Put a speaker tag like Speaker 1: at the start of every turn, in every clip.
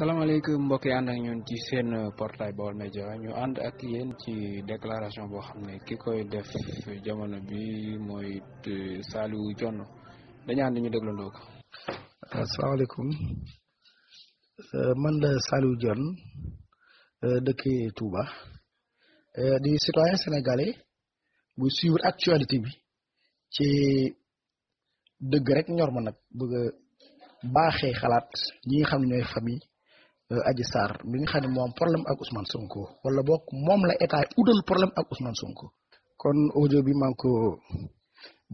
Speaker 1: salaamaaleykum mbokk yi ànd ñun ci seen euh, portail Baol Média ñu ànd ak yéen ci déclaration boo xam ne ki koy def jamono bi mooy euh, Saliou jon dañu ànd ñu déglandoo ko. asalaamaaleykum euh, man la Saliou Dione dëkk Touba di citoyen sénégalais bu suivre actualité bi ci dëgg rek ñor ma nag bëgg a baaxee xalaat ñi nga xam ne ñooy famille. Euh, Adji Sarr mi nga xam ne moom problème ak Ousmane Sonko wala boog moom la état udal problème ak Ousmane Sonko kon audio bi maa ngi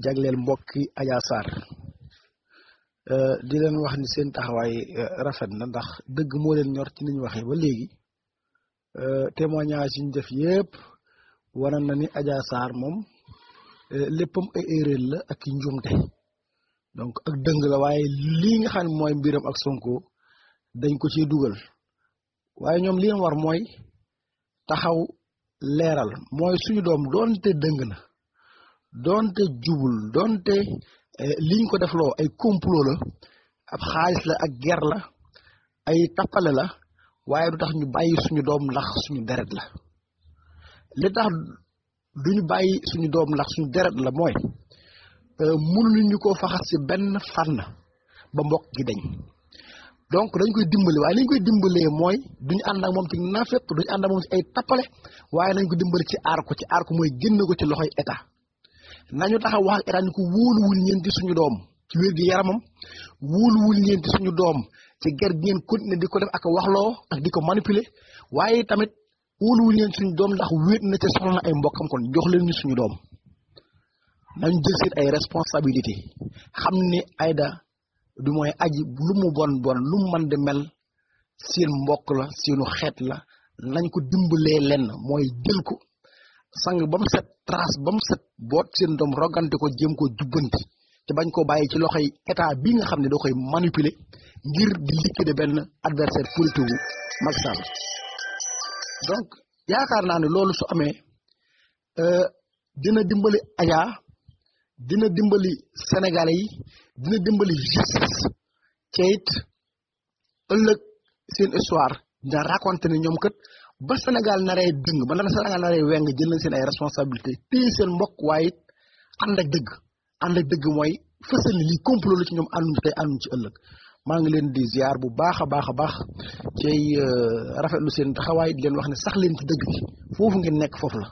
Speaker 1: jagleel mbokki Adji Sarr euh, di leen wax ni seen taxawaay euh, rafet na ndax dëgg moo leen ñor ci niñ waxee ba léegi témoignage yi ñu def yëpp waral na ni Adji Sarr moom léppam ay la ak i njuumte donc ak dëng la waaye lii nga xam ne ak Sonko. dañ ko ci dugal waaye ñoom li war mooy taxaw leeral mooy suñu doom doonte dëng na doonte jubul doonte eh, liñ ko defloo ay complot la ab xaalis la ak ger la ay tappale la waaye du tax ñu bàyyi suñu doom ndax suñu deret la li tax duñu bàyyi suñu doom ndax suñu deret la mooy eh, mënuñu ko faxas ci benn fànn ba mbokk gi dañ donc dañ koy dimbali waaye li koy dimbalee mooy duñu ànd ak moom ci nafeq duñu ànd ak moom ci ay tappale waaye nañ ko dimbali ci aar ko ci aar ko mooy génn ko ci loxoy état nañu taxaw wax ak état ñu ko wóoluwul ngeen ci suñu doom ci wér gi yaramam wóoluwul ngeen ci suñu doom ci ger gi ngeen continuer di ko def ak waxloo ak di ko manipuler waaye tamit wóoluwul ngeen suñu doom ndax wéet na ca soxla na ay mbokkam kon jox leen ñu suñu doom nañ jël ay responsabilité xam ni ayda du mooy aji lu bon bon lu mu mën di mel seen mbokk la seenu xeet la nañ ko dimbalee lenn mooy jël ko sang ba mu set trace ba mu set boot seen doom rogante ko jéem ko jubbanti te bañ ko bàyyi ci loxoy état bi nga xam ne doo koy manipuler ngir di liquider benn adversaire politique wu Macky Sall donc yaakaar naa ne loolu su amee euh, dina dimbali Adja dina dimbali sénégalais yi dina dimbali justice ca it ëllëg seen histoire dina raconté ne ñoom kat ba Sénégal naree dëng ba na Sénégal weng jël nañ seen ay responsabilité téye seen mbokk waaye it ànd ak dëgg ànd ak dëgg mooy fësal li complot la ci ñoom ànduñ tey ànduñ ci ëllëg maa ngi leen di ziar bu baax a baax a baax cay euh, rafetlu seen taxawaay di leen wax ne sax leen ci dëgg bi foofu ngeen nekk foofu la